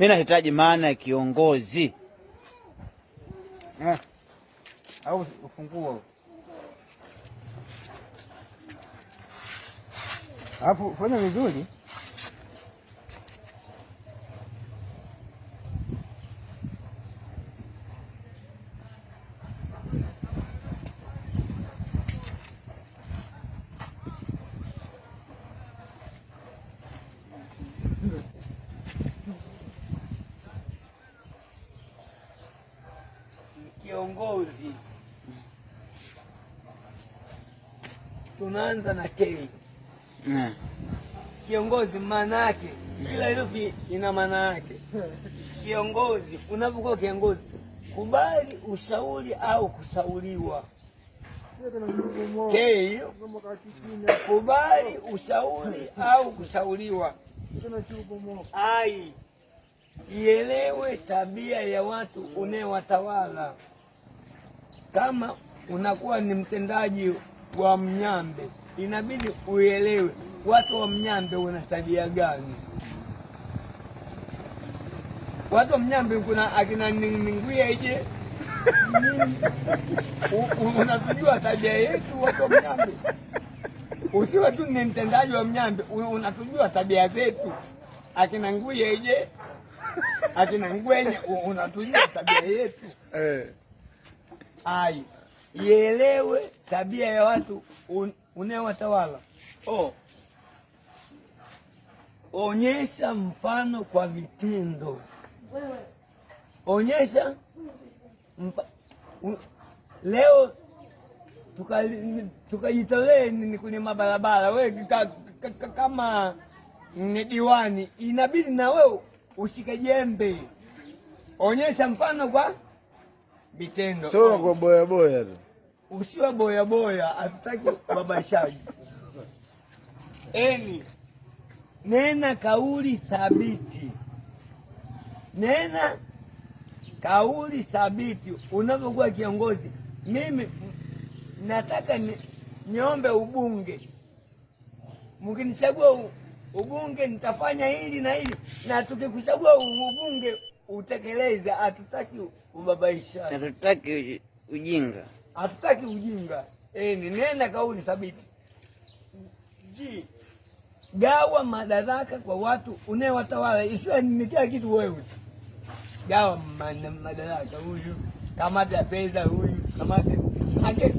Mimi nahitaji maana ya kiongozi eh. Au ufunguo alafu fanya vizuri. viongozi. Tunaanza na K kiongozi, maana yake kila herufi ina maana yake. Kiongozi, unapokuwa kiongozi, kubali ushauri au kushauriwa. K kubali ushauri au kushauriwa. Ai, ielewe tabia ya watu unayewatawala. Kama unakuwa ni mtendaji wa Mnyambe, inabidi uelewe watu wa Mnyambe wana tabia gani. Watu wa Mnyambe kuna akina Ninguya ije unatujua tabia yetu watu wa Mnyambe, usiwe tu ni mtendaji wa Mnyambe, unatujua tabia zetu akina Nguya ije akina Ngwenya, unatujua tabia yetu eh hai, ielewe tabia ya watu un, unayowatawala. Oh, onyesha mfano kwa vitendo, onyesha mpa, u, leo tukajitolee tuka kwenye mabarabara. We kama ni diwani, inabidi na wewe ushike jembe, onyesha mfano kwa vitendo. Sio kwa boya boya tu. Usiwa boya boya, hatutaki babashaji. Eni, nena kauli thabiti, nena kauli thabiti unapokuwa kiongozi. Mimi nataka ni, niombe ubunge, mkinichagua ubunge nitafanya hili na hili, na tukikuchagua ubunge utekeleze. Hatutaki ubabaisha, hatutaki ujinga, hatutaki ujinga. E, ni nena kauli thabiti ji gawa madaraka kwa watu unayewatawala, isiwe ni kila kitu wewe. Gawa madaraka, huyu kamati ya pesa, huyu kamati ake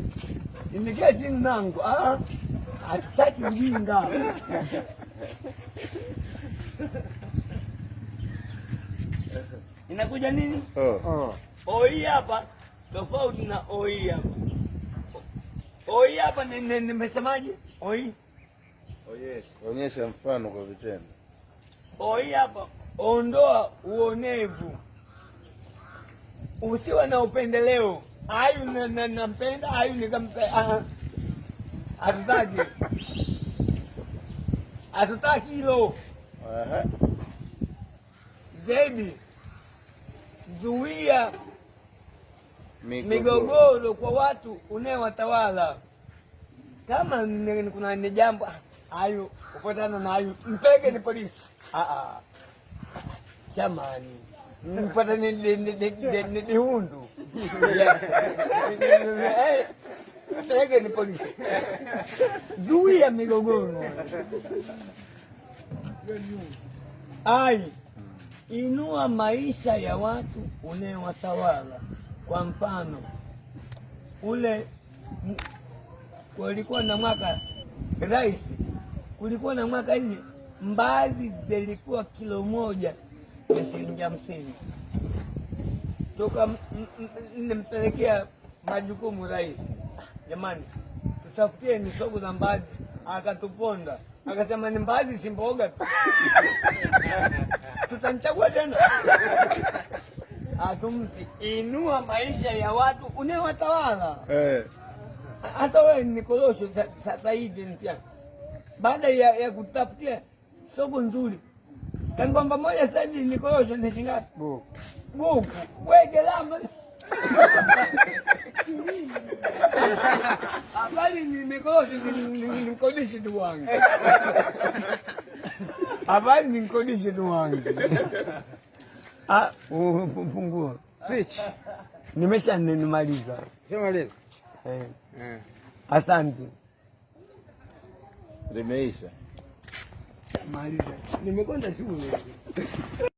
nikia chini nangu. Ah, hatutaki ujinga. inakuja nini oh. oh. Oi hapa tofauti na oi hapa. Oi hapa nimesemaje? Oi oh, onyesha mfano kwa vitendo. Oi hapa ondoa uonevu, usiwe na upendeleo. Ayu nampenda ayu nikampenda, ah, ah. hatutaki hatutaki hilo zaidi zuia migogoro kwa watu unayewatawala. Kama kuna ni jambo ah, hayo upatana na hayo, mpeke ni polisi. Ah, ah. Jamani, mpata ni eh, mpeke ni polisi. Zuia migogoro ai inua maisha ya watu watawala Kwa mfano ule kulikuwa na mwaka rais, kulikuwa na mwaka nne, mbaazi zilikuwa kilo moja ya shilingi hamsini toka nimpelekea majukumu rais, jamani, tutafutie ni soko za mbaazi akatuponda akasema ni mbazi si mboga tu. tutanchagua tena atumpi. Inua maisha ya watu unayowatawala eh. hasa wewe ni korosho sasa hivi msia, baada ya, ya kutafutia soko nzuri kangomba moja sasa hivi ni ni shingapi? buku buku wegelama Habari ni nimkodishe tu wangu. Habari nimkodishe tu wangu. Ah, funguo. Switch. Nimesha nimaliza. Shamaliza. Eh. Asante. Limeisha. Maliza. Nimekwenda shule.